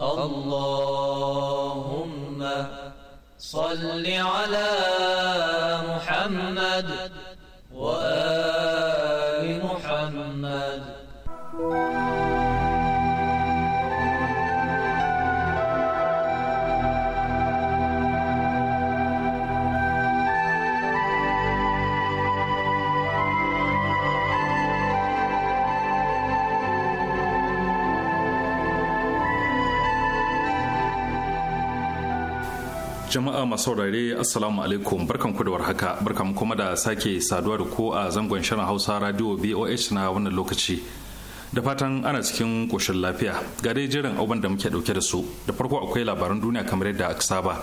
اللهم صل على محمد Jama'a masu saurare Assalamu alaikum barkan ku da warhaka barkan kuma da sake saduwa da ku a zangon shirin Hausa Radio BOH na wannan lokaci. Da fatan ana cikin koshin lafiya ga dai jiran abin da muke dauke da su da farko akwai labaran duniya kamar yadda aka saba.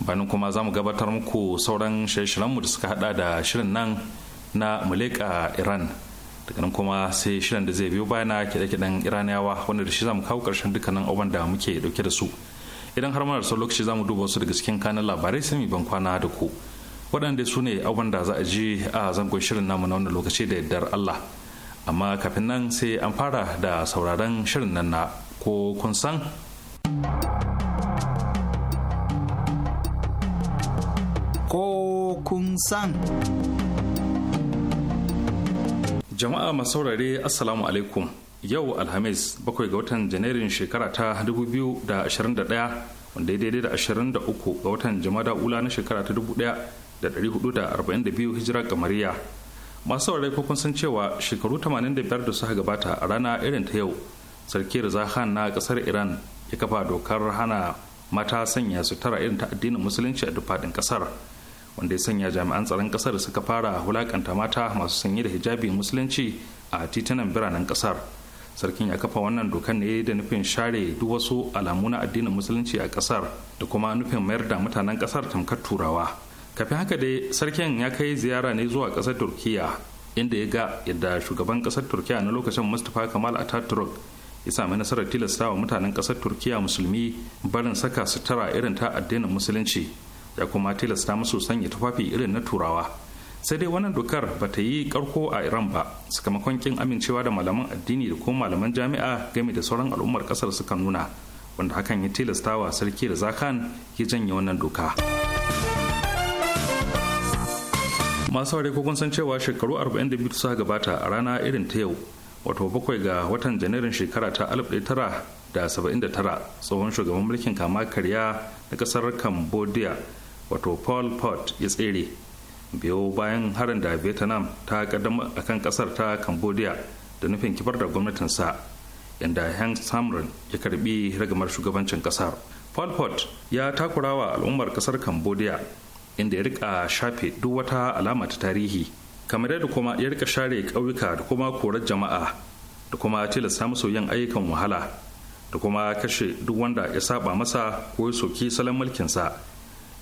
Bayan kuma za mu gabatar muku sauran shirin mu da suka hada da shirin nan na Muleka Iran. daga nan kuma sai shirin da zai biyo bayana kiɗe-kiɗen iraniyawa wanda da shi za mu kawo ƙarshen dukkanin abin da muke dauke da su. idan har mara lokaci za mu duba wasu daga cikin kanan labarai sami ban kwana da ku waɗanda su ne abin da za a ji a zangon shirin namu na wannan lokaci da yardar Allah amma kafin nan sai an fara da sauraron shirin nan na ko kun san ko kun san jama'a masaurare assalamu alaikum yau alhamis bakwai ga watan janairun shekara ta 2021 wanda daidai da 23 ga watan jama'a ula na shekara ta 1442 hijira kamariya masu saurare ko san cewa shekaru 85 da suka gabata a rana irin ta yau sarki Reza Khan na kasar Iran ya kafa dokar hana mata sanya sutura irin ta addinin musulunci a dufadin kasar wanda ya sanya jami'an tsaron kasar suka fara wulakanta mata masu sanye da hijabi musulunci a titunan biranen kasar. sarkin ya kafa wannan dokar ne da nufin share duk wasu alamu na addinin musulunci a kasar da kuma nufin mayar da mutanen kasar tamkar turawa kafin haka dai sarkin ya kai ziyara ne zuwa kasar turkiya inda ya ga yadda shugaban kasar turkiya na lokacin mustapha kamal ataturk ya sami nasarar tilastawa mutanen kasar turkiya musulmi barin saka sutura irin ta addinin musulunci ya kuma tilasta musu sanya tufafi irin na turawa sai dai wannan dokar ba ta yi karko a iran ba sakamakon kin amincewa da malaman addini da kuma malaman jami'a game da sauran al'ummar kasar suka nuna wanda hakan ya tilastawa sarki da zakan ya janye wannan doka masu ware kogon san cewa shekaru 42 suka gabata a rana irin ta yau wato bakwai ga watan janairun shekara ta 1979 tsohon shugaban mulkin kama karya na kasar cambodia wato paul pot ya tsere biyo bayan harin da vietnam ta kaddama a kan kasar ta cambodia da nufin kifar da gwamnatinsa inda heng samrin ya karbi ragamar shugabancin kasar pol pot ya takura wa al'ummar kasar cambodia inda ya rika shafe duk wata alama ta tarihi kamar yadda kuma ya rika share ƙauyuka da kuma korar jama'a da kuma tilasta musu yin ayyukan wahala da kuma kashe duk wanda ya saba masa ko ya soki salon mulkinsa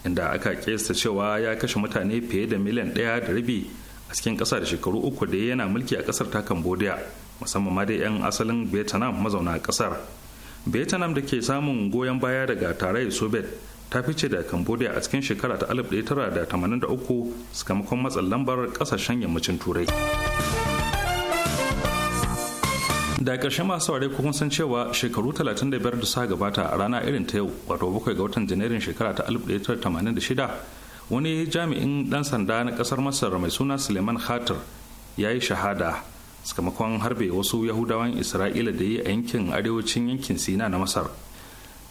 inda aka kesa cewa ya kashe mutane fiye da miliyan ɗaya da rabi a cikin ƙasa da shekaru uku da yana mulki a ƙasar ta cambodia musamman ma dai 'yan asalin vietnam mazauna ƙasar vietnam da ke samun goyon baya daga tarayyar soviet ta fice da cambodia a cikin shekara ta 1983 sakamakon matsalambar lambar ƙasashen yammacin turai da ƙarshe masu ware kuma san cewa shekaru 35 da suka gabata a rana irin ta yau wato bakwai ga watan janairun shekara ta 1986 wani jami'in dan sanda na kasar masar mai suna suleiman khatir ya yi shahada sakamakon harbe wasu yahudawan isra'ila da yi a yankin arewacin yankin sina na masar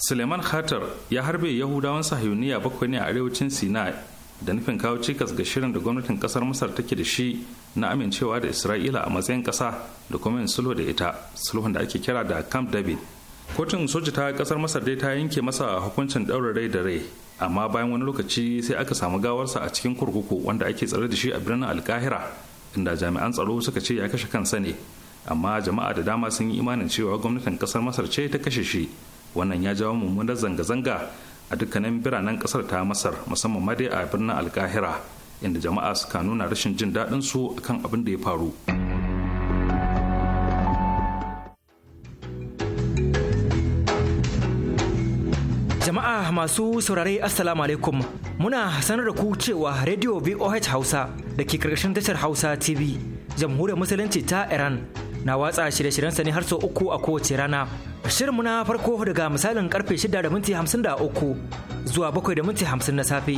suleiman khatar ya harbe yahudawan sahiyuniya bakwai ne a arewacin sina da nufin kawo cikas ga shirin da gwamnatin kasar masar take da shi na amincewa da isra'ila a matsayin ƙasa da kuma yin sulhu da ita sulhun da ake kira da camp david kotun Soja ta kasar masar dai ta yanke masa hukuncin ɗaurin rai da rai amma bayan wani lokaci sai aka samu gawarsa a cikin kurkuku wanda ake tsare da shi a birnin alkahira inda jami'an tsaro suka ce ya kashe kansa ne amma jama'a da dama sun yi imanin cewa gwamnatin kasar masar ce ta kashe shi wannan ya jawo mummunar zanga-zanga a dukkanin biranen kasar ta masar musamman ma dai a birnin alkahira inda jama'a suka nuna rashin jin daɗin su akan abin da ya faru jama'a masu saurare assalamu alaikum muna sanar da ku cewa radio voh hausa da ke karkashin tashar hausa tv jamhuriyar musulunci ta iran na watsa shirye-shiryensa ne har sau uku a kowace rana Shirinmu na farko daga misalin karfe 6 da minti 53 zuwa 7 da minti 50 na safe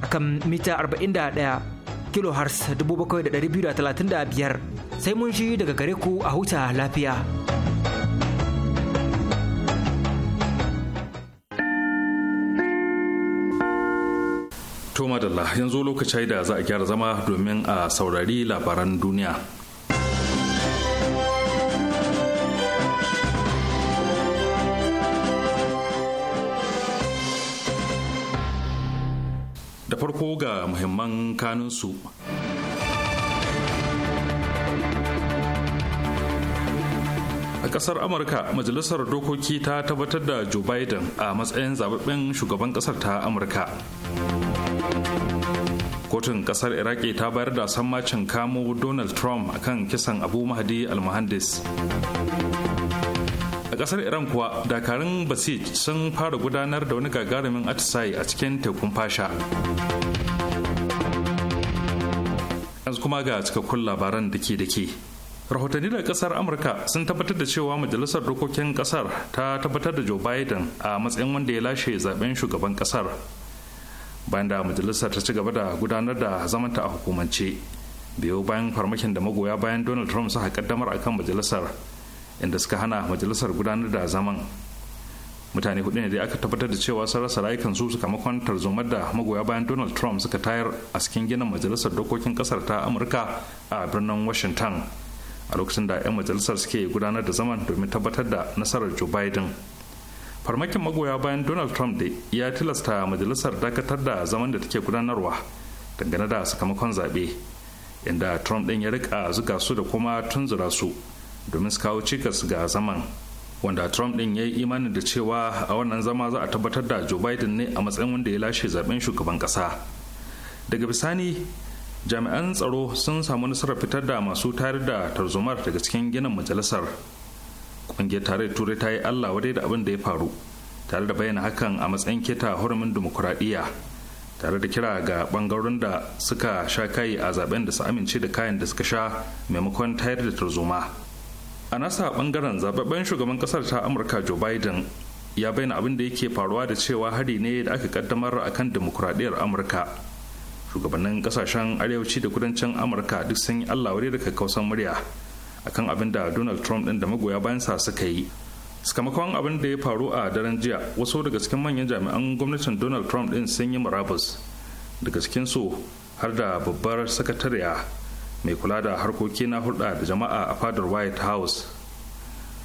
a kan mita 41 kilohertz 7,235 sai mun shi daga gare ku a huta lafiya. Toma da yanzu lokaci da za a gyara zama domin a saurari labaran duniya. farko ga muhimman kanunsu a kasar amurka majalisar dokoki ta tabbatar da joe biden a matsayin zababben shugaban ƙasar ta amurka kotun ƙasar iraki ta bayar da sammacin kamo donald trump akan kisan abu mahdi al-muhandis kasar iran kuwa dakarun basij sun fara gudanar da wani gagarumin atisaye a cikin tekun fasha yanzu kuma ga cikakkun labaran da ke da ke rahotanni daga kasar amurka sun tabbatar da cewa majalisar dokokin kasar ta tabbatar da joe biden a matsayin wanda ya lashe zaben shugaban kasar bayan da majalisar ta ci gaba da gudanar da zamanta a hukumance biyo bayan farmakin da magoya bayan donald trump suka kaddamar akan majalisar inda suka hana majalisar gudanar da zaman mutane hudu ne dai aka tabbatar da cewa sun rasa rayukansu sakamakon tarzomar da magoya bayan donald trump suka tayar a cikin ginin majalisar dokokin kasar ta amurka a birnin washington a lokacin da 'yan majalisar suke gudanar da zaman domin tabbatar da nasarar joe biden farmakin magoya bayan donald trump da ya tilasta majalisar dakatar da zaman da take gudanarwa dangane da sakamakon zaɓe inda trump ɗin ya rika zuga su da kuma tunzura su domin su kawo cikas ga zaman wanda trump din ya yi imanin da cewa a wannan zama za a tabbatar da joe biden ne a matsayin wanda ya lashe zaben shugaban kasa daga bisani jami'an tsaro sun samu nasarar fitar da masu tayar da tarzomar daga cikin ginin majalisar ƙungiyar tare da turai ta yi allah wadai da abin da ya faru tare da bayyana hakan a matsayin keta hurumin dimokuraɗiyya tare da kira ga ɓangarorin da suka sha kai a zaben da su amince da kayan da suka sha maimakon tayar da tarzoma a nasa bangaren zababben shugaban kasar ta amurka joe biden ya bayyana abin da yake faruwa da cewa hari ne da aka kaddamar a kan demokuraɗiyar amurka shugabannin kasashen arewaci da kudancin amurka duk sun yi allah wuri da kakkausan murya akan abin da donald trump ɗin da magoya bayansa suka yi sakamakon abin da ya faru a daren jiya wasu daga cikin manyan jami'an gwamnatin donald trump ɗin sun yi murabus daga cikin su har da babbar sakatariya mai kula da harkoki na hulɗa da jama'a a fadar white house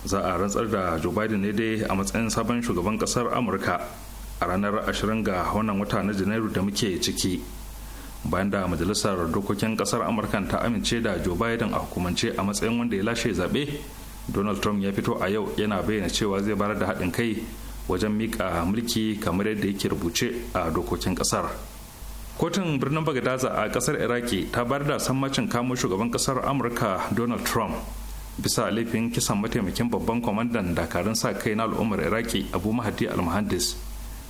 za a rantsar da joe biden ne dai a matsayin sabon shugaban ƙasar amurka a ranar 20 ga wannan wata na janairu da muke ciki bayan da majalisar dokokin kasar amurka ta amince da joe biden a hukumance a matsayin wanda ya lashe zaɓe donald trump ya fito a yau yana bayyana cewa zai bayar da haɗin kai wajen miƙa mulki kamar yadda yake rubuce a dokokin kasar. kotun birnin bagadaza a kasar iraki ta bar da sammacin kamo shugaban kasar amurka donald trump bisa laifin kisan mataimakin babban kwamandan dakarun sa kai na al'ummar iraki abu mahadi al-muhandis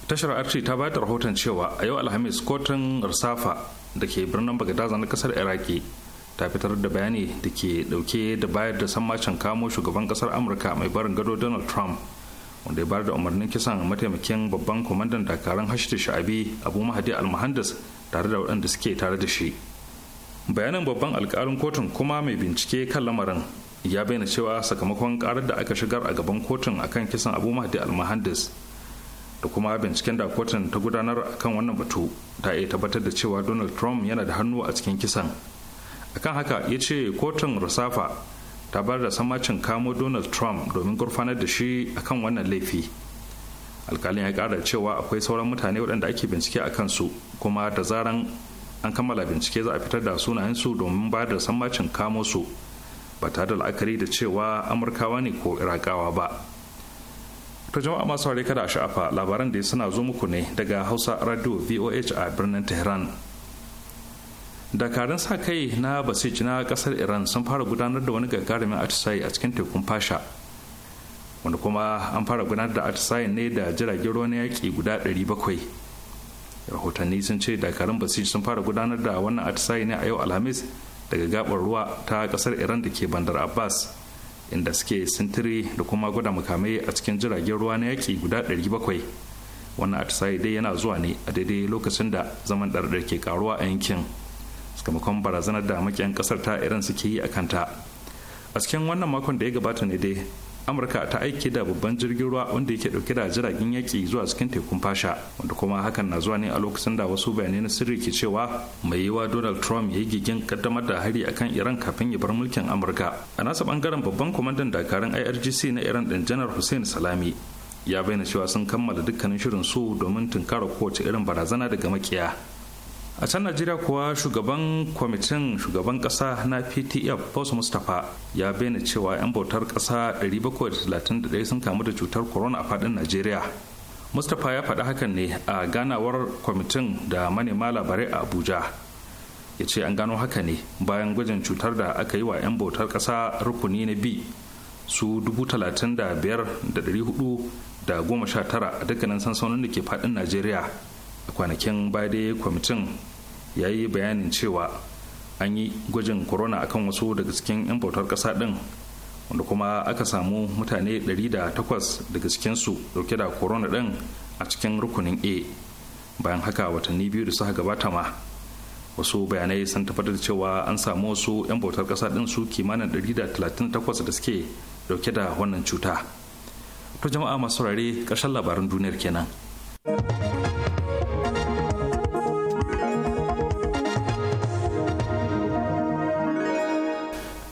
tashar arci ta bayar da rahoton cewa a yau alhamis kotun rsafa da ke birnin bagadaza na kasar iraki ta fitar da bayani da ke dauke da bayar da sammacin kamo shugaban kasar amurka mai barin gado donald trump wanda ya bayar da umarnin kisan mataimakin babban kwamandan dakarun hashtag sha'abi abu mahadi almuhandis tare da waɗanda suke tare da shi bayanan babban alkalin kotun kuma mai bincike kan lamarin ya bayyana cewa sakamakon karar da aka shigar a gaban kotun akan kisan abu mahdi almahandis da kuma binciken da kotun ta gudanar akan wannan batu ta iya tabbatar da cewa donald trump yana da hannu a cikin kisan akan haka ya ce kotun rusafa ta bayar da samacin kamo donald trump domin gurfanar da shi akan wannan laifi alkalin ya kara cewa akwai sauran mutane waɗanda ake bincike a kansu kuma da zaran an kammala bincike za a fitar da sunayensu domin ba da sammacin kamo su ba tare da la'akari da cewa amurkawa ne ko irakawa ba ta jama'a masu haure kada sha'afa labaran da suna zo muku ne daga hausa radio voh a birnin tehran dakarun sa kai na basij na ƙasar iran sun fara gudanar da wani gagarumin atisaye a cikin tekun fasha wanda kuma an fara gudanar da atisayin ne da jiragen ruwa na yaƙi guda 700 rahotanni sun ce dakarun basij sun fara gudanar da wannan atisaye ne a yau alhamis daga gabar ruwa ta kasar iran da ke bandar abbas inda suke sintiri da kuma guda mukamai a cikin jiragen ruwa na yaƙi guda 700 wannan atisaye dai yana zuwa ne a daidai lokacin da zaman ɗarɗar ke karuwa a yankin sakamakon barazanar da makiyan ƙasar ta iran suke yi a kanta a cikin wannan makon da ya gabata ne dai amurka ta aike da babban jirgin ruwa wanda yake dauke da jiragen yaki zuwa cikin tekun fasha wanda kuma hakan na zuwa ne a lokacin da wasu bayanai na sirri ke cewa mai yiwa donald trump ya yi gigin kaddamar da hari akan iran kafin ya bar mulkin amurka a nasa bangaren babban kwamandan dakarun irgc na iran din janar hussein salami ya bayyana cewa sun kammala dukkanin shirin su domin tunkara kowace irin barazana daga makiya a can najeriya kuwa shugaban kwamitin shugaban kasa na ptf boss mustapha ya bayyana cewa 'yan bautar kasa 731 sun kamu da cutar corona a fadin najeriya mustapha ya faɗi hakan ne a ganawar kwamitin da manema labarai a abuja ya ce an gano haka ne bayan gwajin cutar da aka yi wa 'yan bautar kasa rukuni na b su 35,419 a dukkanin sansanin da ke fadin najeriya a kwanakin baya daya kwamitin ya yi bayanin cewa an yi gwajin corona akan wasu daga cikin 'yan bautar ƙasa ɗin wanda kuma aka samu mutane 108 daga cikinsu dauke da corona din a cikin rukunin a bayan haka watanni biyu da suka gabata ma wasu bayanai sun tabbatar da cewa an samu wasu 'yan bautar kasa din su kimanin 138 da suke dauke da wannan cuta to jama'a masu rare ƙarshen labaran duniyar kenan.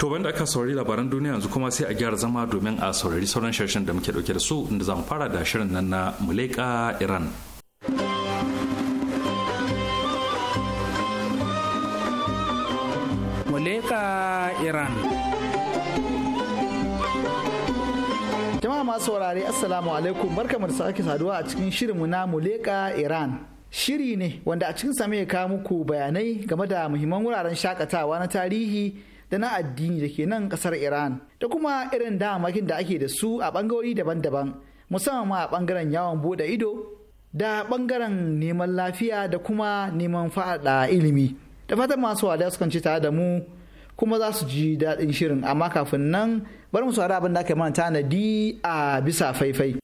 to banda aka saurari labaran duniya yanzu kuma sai a gyara zama domin a saurari sauran shirin da muke dauke da su inda zamu fara da shirin nan na muleka iran muleka iran jama'a masu saurari assalamu alaikum barkamu da sake saduwa a cikin shirinmu na muleka iran shiri ne wanda a cikin same ya kawo muku bayanai game da muhimman wuraren shakatawa na tarihi da na addini da ke nan kasar Iran da kuma irin damakin da ake da su a bangarori daban-daban musamman ma a bangaren yawon bude ido da bangaren neman lafiya da kuma neman fada ilimi da fatan masu wada su ci tare da mu kuma za su ji daɗin shirin amma kafin nan bari mu saurari abin da aka mana tanadi a bisa faifai.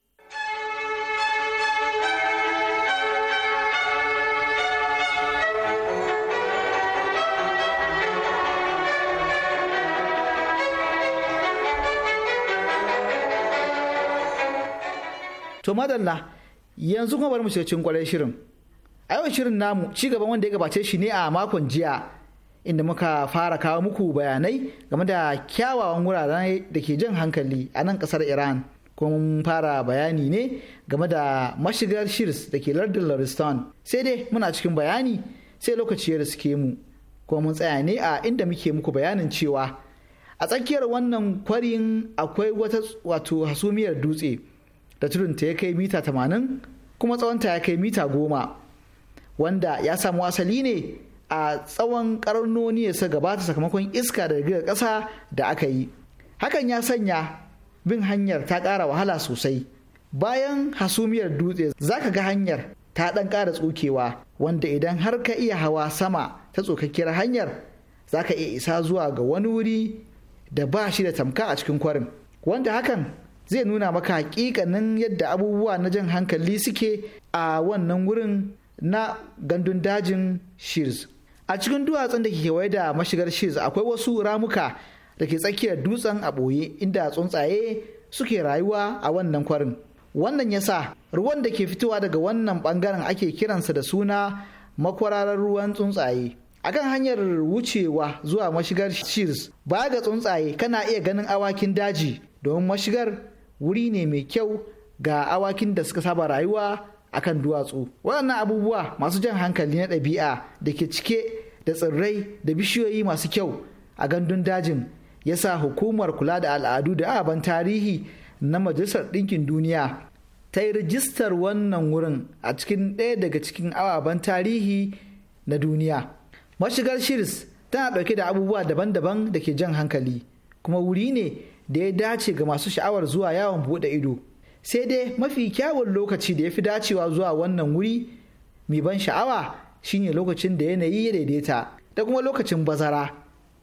to madalla yanzu kuma bari mu shiga cikin kwarai shirin a yau shirin namu ci gaban wanda ya gabace shi ne a makon jiya inda muka fara kawo muku bayanai game da kyawawan wuraren da ke jan hankali a nan kasar iran kuma mun fara bayani ne game da mashigar shirs da ke lardin lariston sai dai muna cikin bayani sai lokaci ya riske mu kuma mun tsaya ne a inda muke muku bayanin cewa a tsakiyar wannan kwarin akwai wata wato hasumiyar dutse da tudunta ya kai mita tamanin kuma tsawonta ya kai mita goma wanda ya samu asali ne a tsawon karnoni ya gabata sakamakon iska da daga ƙasa da aka yi hakan ya sanya bin hanyar ta ƙara wahala sosai bayan hasumiyar dutse za ka ga hanyar ta ɗan ƙara tsukewa wanda idan har ka iya hawa sama ta tsokakkiyar hanyar za ka iya isa zuwa ga wani wuri da ba shi da tamka a cikin kwarin wanda hakan zai nuna maka hakikanin yadda abubuwa na jan hankali suke a wannan wurin na gandun dajin shears a cikin duwatsun da ke kewaye da mashigar shears akwai wasu ramuka da ke tsakiyar dutsen a ɓoye inda tsuntsaye suke rayuwa a wannan kwarin wannan yasa ruwan da ke fitowa daga wannan bangaren ake kiransa da suna makwararar ruwan tsuntsaye akan hanyar wucewa zuwa mashigar shears baya ga tsuntsaye kana iya ganin awakin daji domin mashigar wuri ne mai kyau ga awakin da suka saba rayuwa a kan duwatsu waɗannan abubuwa masu jan hankali na ɗabi'a da ke cike da tsirrai da bishiyoyi masu kyau a gandun dajin ya sa hukumar kula da al'adu da aban tarihi na majalisar ɗinkin duniya ta yi rijistar wannan wurin a cikin ɗaya daga cikin ababen tarihi na duniya mashigar shirs tana ɗauke da abubuwa daban-daban da ke jan hankali kuma wuri ne da ya dace ga masu sha'awar zuwa yawon buɗe ido sai dai mafi kyawun lokaci da ya fi dacewa zuwa wannan wuri mai ban sha'awa shine lokacin da yanayi ya daidaita da kuma lokacin bazara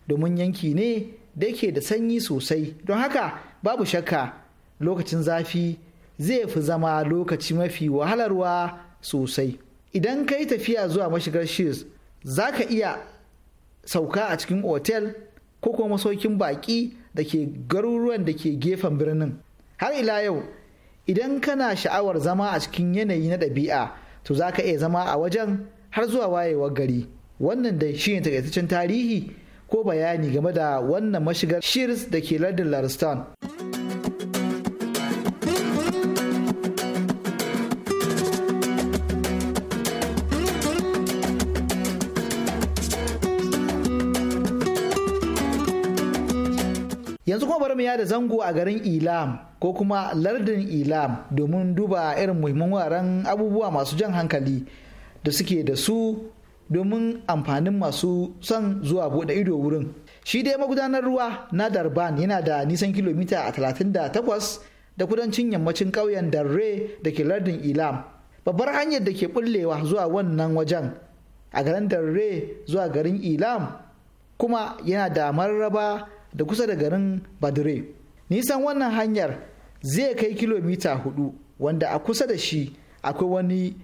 domin yanki ne da ke da sanyi sosai don haka babu shakka lokacin zafi zai fi zama lokaci mafi wahalarwa sosai idan ka tafiya zuwa mashigar shiz za ka iya sauka a cikin otel ko kuma masaukin baki. da ke garuruwan da ke gefen birnin har ila yau idan kana sha'awar zama a cikin yanayi na ɗabi'a to za ka iya zama a wajen har zuwa wayewar gari wannan da shi ne takaitaccen tarihi ko bayani game da wannan mashigar shirs da ke lardin lariston. yanzu kuma bari mu yada zango a garin ilam ko kuma lardin ilam domin duba irin muhimman wuraren abubuwa masu jan hankali da suke da su domin amfanin masu son zuwa bude ido wurin shi dai magudanar ruwa na darban yana da nisan kilomita 38 da kudancin yammacin ƙauyen darre da ke lardin ilam babbar hanyar da ke bullewa zuwa wannan wajen a garin darre zuwa garin ilam kuma yana da mararraba da kusa da garin badire nisan wannan hanyar zai kai kilomita hudu wanda a kusa da shi akwai wani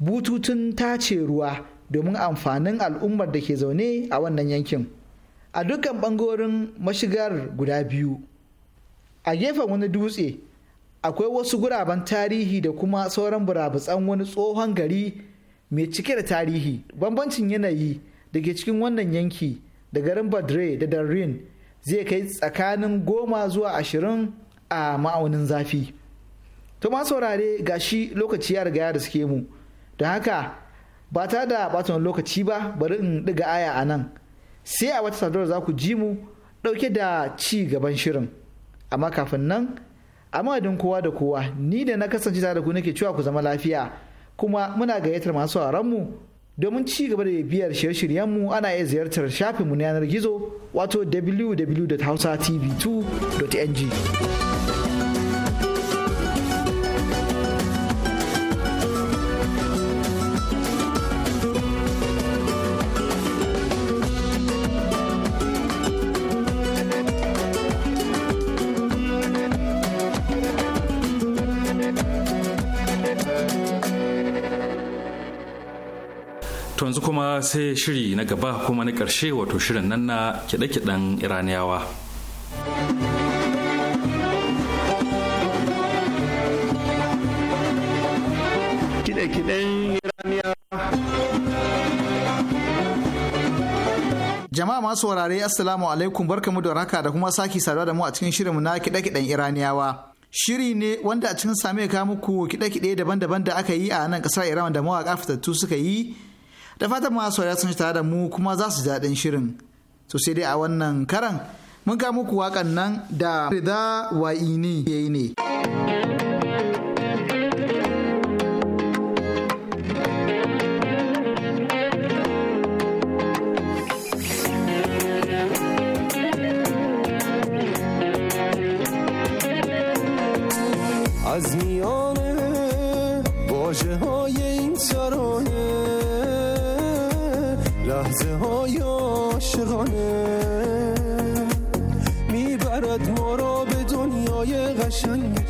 bututun tace ruwa domin amfanin al'ummar da ke zaune a wannan yankin a dukkan bangorin mashigar guda biyu a gefen wani dutse akwai wasu guraben tarihi da kuma sauran burabutsan wani tsohon gari mai cike da tarihi bambancin yanayi da ke cikin wannan yanki da garin badre da darin zai kai tsakanin goma zuwa ashirin a ma'aunin zafi to ma saurare ga shi lokaci ya riga da suke mu don haka ba ta da batun lokaci ba bari in ɗiga aya a nan sai a wata sadarwa za ku ji mu ɗauke da ci gaban shirin amma kafin nan a madadin kowa da kowa ni da na kasance tare da ku nake cewa ku zama lafiya kuma muna gayyatar masu mu Domin ci gaba da biyar shirye-shiryenmu ana iya ziyartar shafinmu na yanar gizo wato www.hausatv2.ng. sai shiri na gaba kuma na ƙarshe wato shirin nan na kiɗe-kiɗen iraniyawa Jama'a masu wurare Assalamu alaikum barkamu da raka da kuma sake saduwa da mu a cikin shirinmu na kiɗe-kiɗen Iraniyawa. Shiri ne wanda a cikin same ka muku kiɗe-kiɗe daban-daban da aka yi a nan ƙasar Iran da mawaƙa fitattu suka yi da fatan masu saurara sun tare da mu kuma za su daɗin shirin to sai dai a wannan karan mun ga muku wakan nan da Rida Wa'ini yayi ne.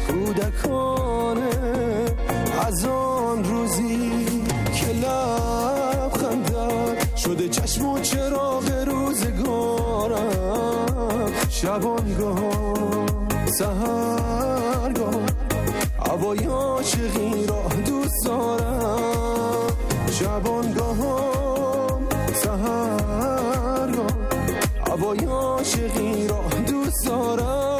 کودکانه از آن روزی که لب خندد شده چشم و چراغ روزگارم شبانگاه سهرگاه هوای عاشقی را دوست دارم شبانگاه سهرگاه هوای عاشقی را دوست دارم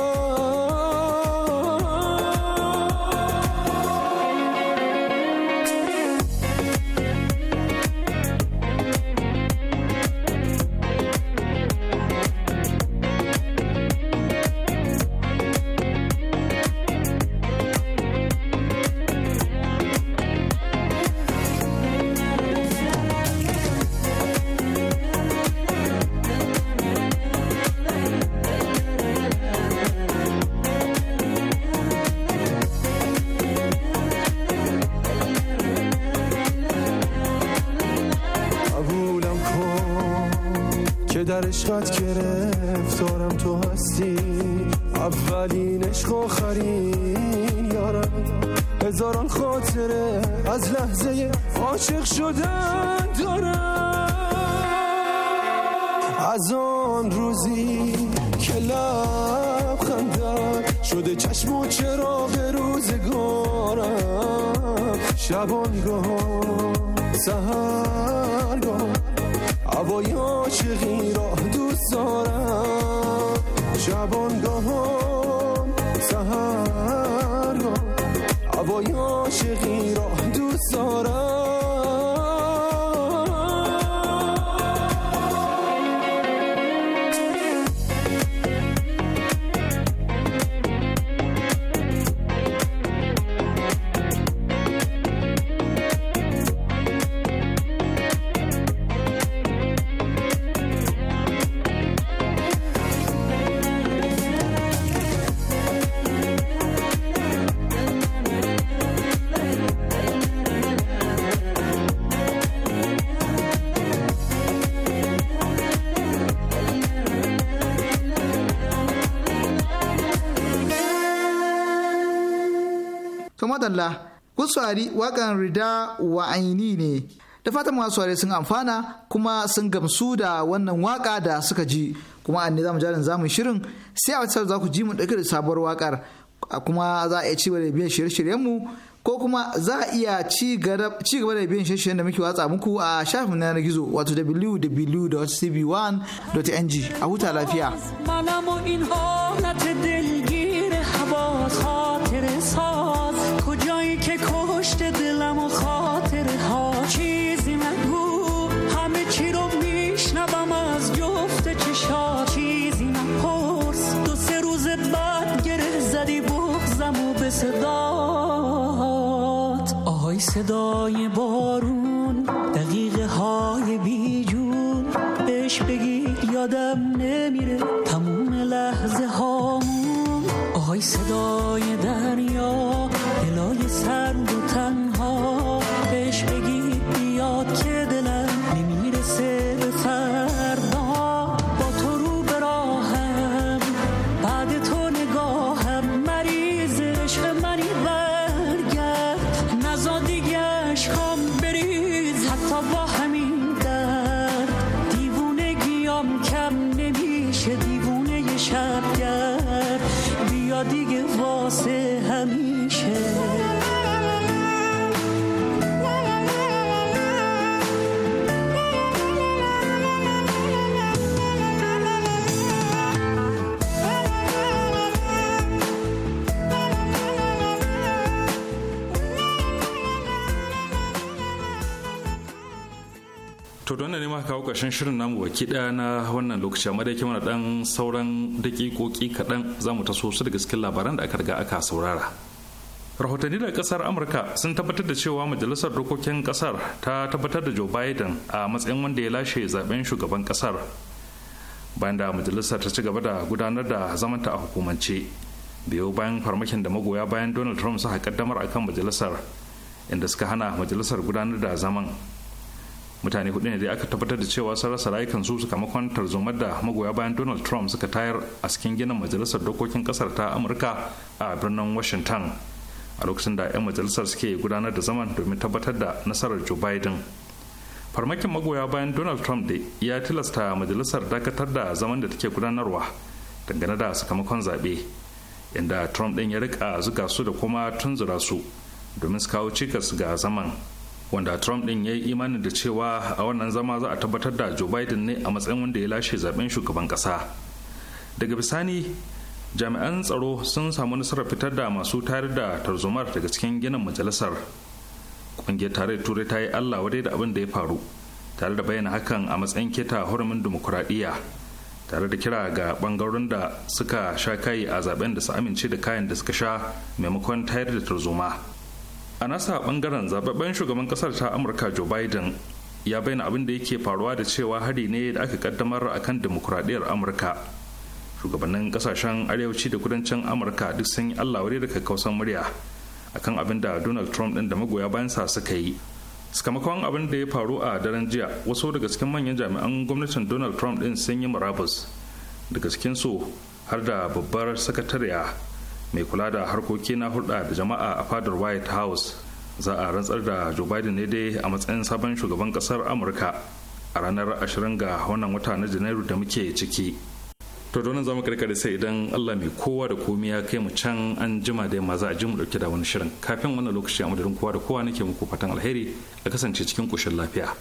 عشقت عشقت دارم تو هستی اولین عشق آخرین یارم هزاران خاطره از لحظه عاشق شدن دارم از آن روزی که لب خندم شده چشم و چرا به روزگارم شبانگاه سهر هوای عاشقی را دوست دارم شبانگاهان سهر هوای عاشقی را دوست دارم madalla kusuwari wakan rida wa aini ne da fatan masu ware sun amfana kuma sun gamsu da wannan waka da suka ji kuma an ne zamu jarin zamu shirin sai a wata za ku ji mu dauke da sabuwar wakar kuma za a iya ci da biyan shirye-shiryen mu ko kuma za a iya ci gaba da biyan shirye-shiryen da muke watsa muku a shafin na gizo wato www.cb1.ng a huta lafiya گشته و خاطر ها چیزی مگو همه چی رو میشنوم از جفت چشا چیزی نپرس دو سه روز بعد گره زدی بغزم و به صدات آهای صدای بارون دقیقه های بیجون بهش بگی یادم kawo ƙarshen shirin namu baki ɗaya na wannan lokaci amma dai mana ɗan sauran dakikoki kaɗan za mu taso su daga cikin labaran da aka riga aka saurara. rahotanni daga kasar amurka sun tabbatar da cewa majalisar dokokin ƙasar ta tabbatar da joe biden a matsayin wanda ya lashe zaben shugaban ƙasar bayan da majalisar ta ci gaba da gudanar da zamanta a hukumance biyo bayan farmakin da magoya bayan donald trump suka kaddamar akan majalisar inda suka hana majalisar gudanar da zaman mutane hudu ne da aka tabbatar da cewa sun rasa su sakamakon tarzomar da magoya bayan donald trump suka tayar a cikin ginin majalisar dokokin kasar ta amurka a birnin washington a lokacin da 'yan majalisar suke gudanar da zaman domin tabbatar da nasarar joe biden farmakin magoya bayan donald trump da ya tilasta majalisar dakatar da zaman da take gudanarwa dangane da sakamakon zaɓe inda trump din ya rika zuga su da kuma tunzura su domin su kawo cikas ga zaman wanda trump din ya yi imanin da cewa a wannan zama za a tabbatar da joe biden ne a matsayin wanda ya lashe zaben shugaban kasa daga bisani jami'an tsaro sun samu nasarar fitar da masu tayar da tarzomar daga cikin ginin majalisar ƙungiyar tare turai ta yi allah wadai da abin da ya faru tare da bayyana hakan a matsayin keta hurumin dimokuraɗiyya tare da kira ga ɓangarorin da suka sha kai a zaben da su amince da kayan da suka sha maimakon tayar da tarzoma a nasa bangaren zababben shugaban kasar ta amurka joe biden ya bayyana abin da yake faruwa da cewa hari ne da aka kaddamar a kan demokuraɗiyar amurka shugabannin kasashen arewaci da kudancin amurka duk sun yi allah da kakkausan murya a kan abin da donald trump ɗin da magoya bayan sa suka yi sakamakon abin da ya faru a daren jiya wasu daga cikin manyan jami'an gwamnatin donald trump ɗin sun yi murabus daga cikinsu har da babbar sakatariya mai kula da harkoki na hulɗa da jama'a a fadar white house za a rantsar da joe biden ne dai a matsayin sabon shugaban kasar amurka a ranar 20 ga wannan wata na janairu da muke ciki to donin zamu karkare sai idan allah mai kowa da komi ya kai mu can an jima da yamma za a ji mu dauke da wani shirin kafin wannan lokaci a madadin kowa da kowa nake muku fatan alheri a kasance cikin koshin lafiya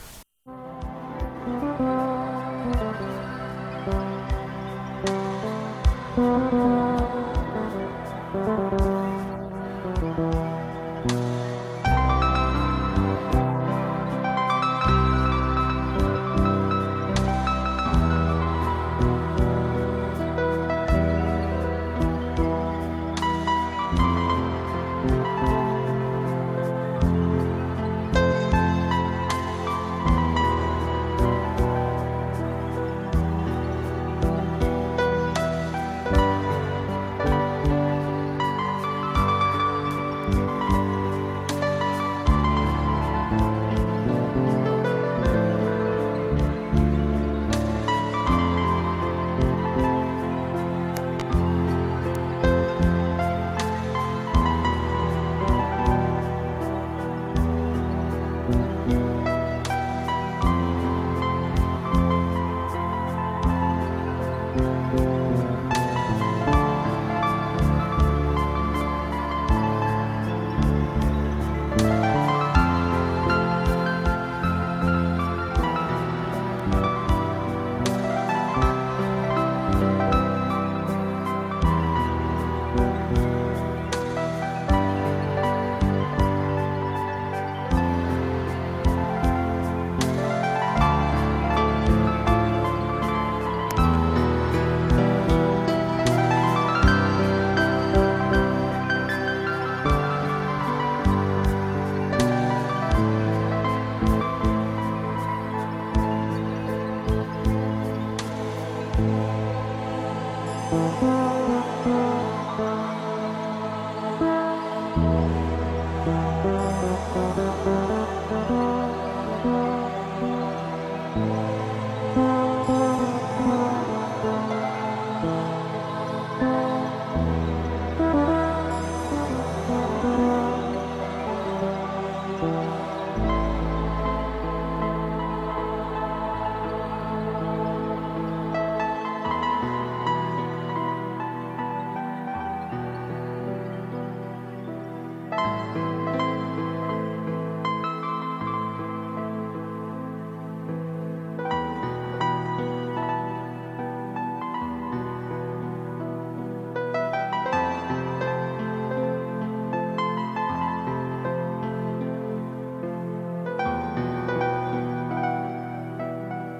Música